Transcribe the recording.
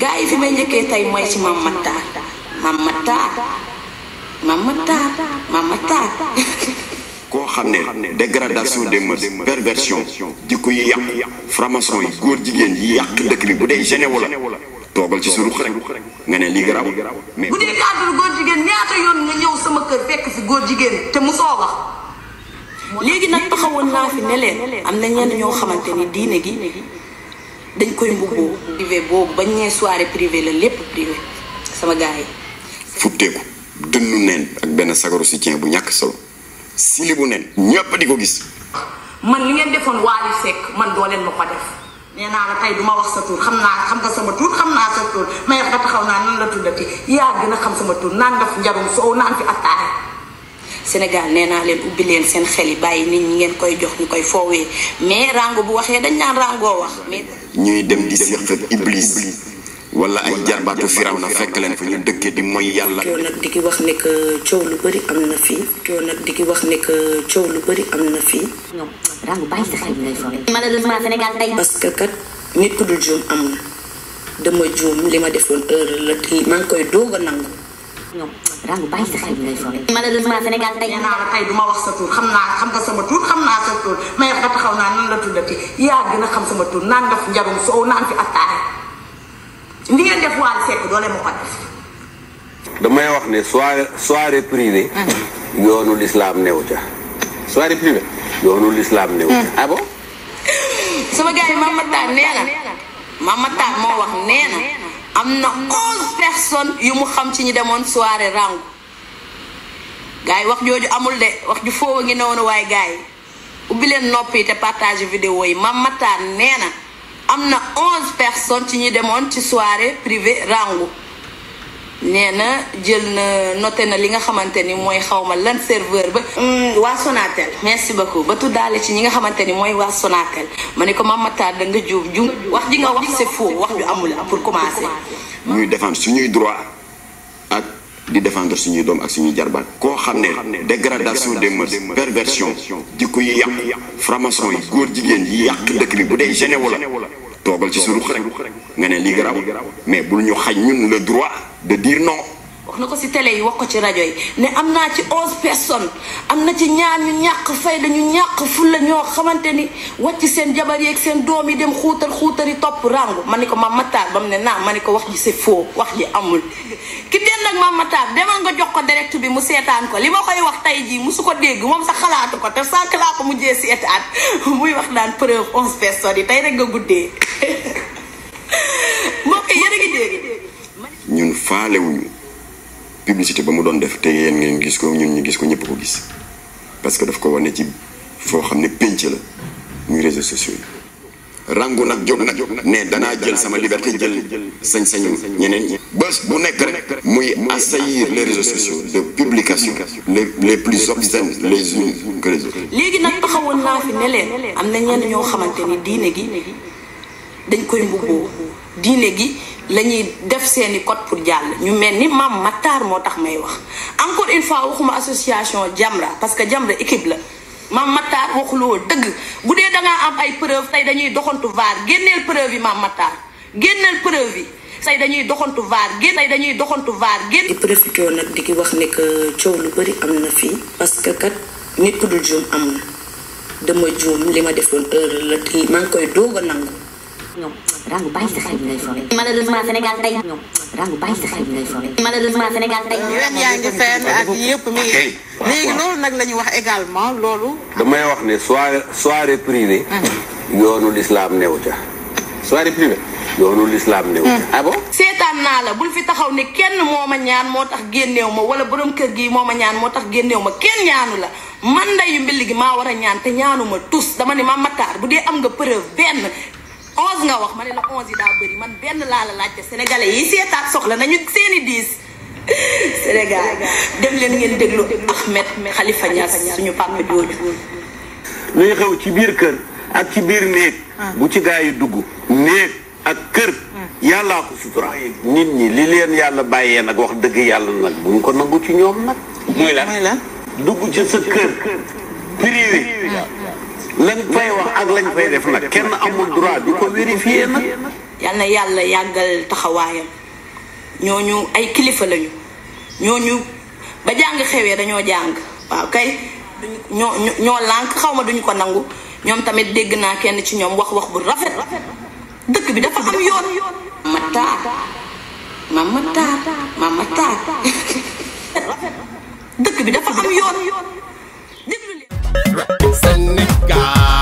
gaa yi fi may njëkkee tey mooy ci maam Matar maam Matar maam Matar maam Matar koo xam ne dégradation des mœurs perversion jikko yi yàq franc-maçon yi góor jigéen yi yàq dëkk bi bu dee généwu la toogal ci surux rek nga ne lii garaaw mais bu dee kàddul góor jigéen ñaata yoon nga ñëw sama kër fekk fi góor jigéen te mu sooga léegi nag taxawoon naa fi ne leen am na ñenn ñoo xamante ni diine gi dañ koy mbubboo privé boobu bañ nee soirée privé la lépp privé sama gars yi futteeku dënnu neen ak benn sagaru soutien bu ñàkk solo sili bu neen ñëpp di ko gis man li ngeen defoon Wally Seck man doo leen ma ko def nee naa la tey duma wax sa tur xam naa xam nga sama tur xam naa sa tur mais nga taxaw naa nan la tuddati yaa gën a xam sama tur naan nga fi njarum soow naan fi attaaya sénégal nee naa leen ubbi leen seen xel yi nit ñi ngeen koy jox ñukoy fowé mais rango bu waxé dañ naan rango wax ñuy dem di séq ak iblis wala ay jarbatu firawna fekk leen fa ñu dëkke di moy yalla ko nak diki wax ne ke ciow lu bari amna fi ko nak diki wax ne ke ciow lu bari amna fi rango bàyyi sa xel lay fowé malheureusement sénégal tey parce que kat nit ku dul joom amna dama joom lima ma heure la maa mang koy doog nangou si ñoom. Rangou bàyyi sa xel bi ngay wax sa tur xam naa xam nga sama tur xam naa sa tur mais nga taxaw naa nan la tuddati yaa gën a xam sama tur naan nga fi njarum soow naan fi attaaya li ngeen def waa Seck doole ma ko def. damay wax ne soirée soirée privée. Mm. yoonu lislaam new ca. soirée privée. yoonu lislaam new ca. Mm. ah sama gars yi Mame Matar nee na Mame Matar moo wax nee am na onze yu mu xam ci ñu demoon soirée rangu gars wax jooju amul de wax ju foowa ngi ne woon waaye gars yi ubbi leen te partage vidéo yi Mame Matar nee na am na onze personnes ci ñi demoon ci soirée privée rangu Nena jël na noté na li nga xamanteni moy xawma lan serveur ba mm, wa sonatel merci beaucoup ba tuddaale ci ñi nga xamanteni moy wa sonatel ma ne ko da nga juum juum wax ji nga wax c'est faux wax ju amul pour commencer ñuy défendre suñuy droit ak di défendre suñuy dom ak suñuy jarbat ko xamné dégradation des mœurs perversion di ko yàq franc-maçon yi góor jigéen yi yàq dekk bi budé dee généwo la ci suñu rek nga ne lii mais bul ñu xañ ñun le droit de dire non. wax na ko si tele yi wax ko ci rajo yi ne am naa ci onze personnes am na ci ñaan ñu ñàkk fay dañu ñàkk ful la ñoo xamante ni wàcc seen jabar yeeg seen doom yi dem xuutal xuutali topp rangu ma ni ko ma Matar ba mu ne naa ma ni ko wax ji se foo wax ji amul ki den nag Mame Matar demal nga jox ko direct bi mu seetaan ko li ma koy wax tey jii musu ko dégg moom sax xalaatu ko te sànq laa ko mu mujjee seetaan muy wax naan preuve onze personnes yi tey rek guddee faalewuñu publicité ba mu doon def te yéen ngeen gis ko ñun ñu gis ko ñëpp ko gis parce que daf ko wane ci foo xam ne pénc la muy réseaux sociaux yi. rangu nag jóg nag ne danaa jël sama liberté jël sañ-sañu ñeneen ñi. bés bu nekk rek muy assaillir les réseaux sociaux de publication les les plus obscènes les unes que les autres. léegi nag taxawoon naa fi ne leen am na ñenn ñoo xamante ni diine gi dañ koy mbubboo diine gi. la ñuy def seeni code pour jàll ñu mel ni maam Matar moo tax may wax encore une fois waxuma association Jamra parce que Jamra équipe la maam Matar waxuloo dëgg bu dee dangaa am ay preuve tey dañuy doxantu vaar génneel preuve yi maam Matar génneel preuve yi say dañuy doxantu vaar génn say dañuy doxantu vaar génn di profité nag di ki wax ne que coow lu bëri am na fii parce que kat nit ku dul juum am na dama juum li ma defoon erreur la maa ngi koy doog a nangu rangu bàyyi sa xel bi ngay foowe malheureusement a tey rangu bàyyi sa xel bi ngay foowe léegi loolu nag la ñuy wax également loolu damay wax ne soirée soirée privée yoonu lislaam new ca soirée privée yoonu lislaam néew. ah bon. seetaan naa la bul fi taxaw ne kenn moo ma ñaan moo tax génnew ma wala boroom kër gi moo ma ñaan moo tax génneew ma kenn ñaanu la man yu mbill gi maa war a ñaan te ñaanu ma tus dama ne ma mataar bu dee am nga preuve benn onze nga wax ma ne la onze yi daa bëri man benn laa la laajte sénégalais yi seetaat soxla nañu seeni diis Sénégal dem leen ngeen déglu Ahmed Khalifa Niass suñu papa jooju luy xew ci biir kër ak ci biir néeg ah. bu ci gaa yi dugg néeg ak kër ah. yàllaa ko sutura nit ñi li leen yàlla bàyyee nag wax dëgg yàlla nag bu ñu ko nangu ci ñoom nag muy la dugg ci sa kër privé ah. lañ fay wax ak lañ fay def nag kenn amul droit di ko vérifier nag. yal na yàlla yàggal taxawaayam ñooñu ay kilifa lañu ñooñu ba jàng xewee dañoo jàng waaw kay ñoo ñoo lànk xaw ma duñu ko nangu ñoom tamit dégg naa kenn ci ñoom wax wax bu rafet dëkk bi dafa am yoon. Matar Mama Tar Mama bi God.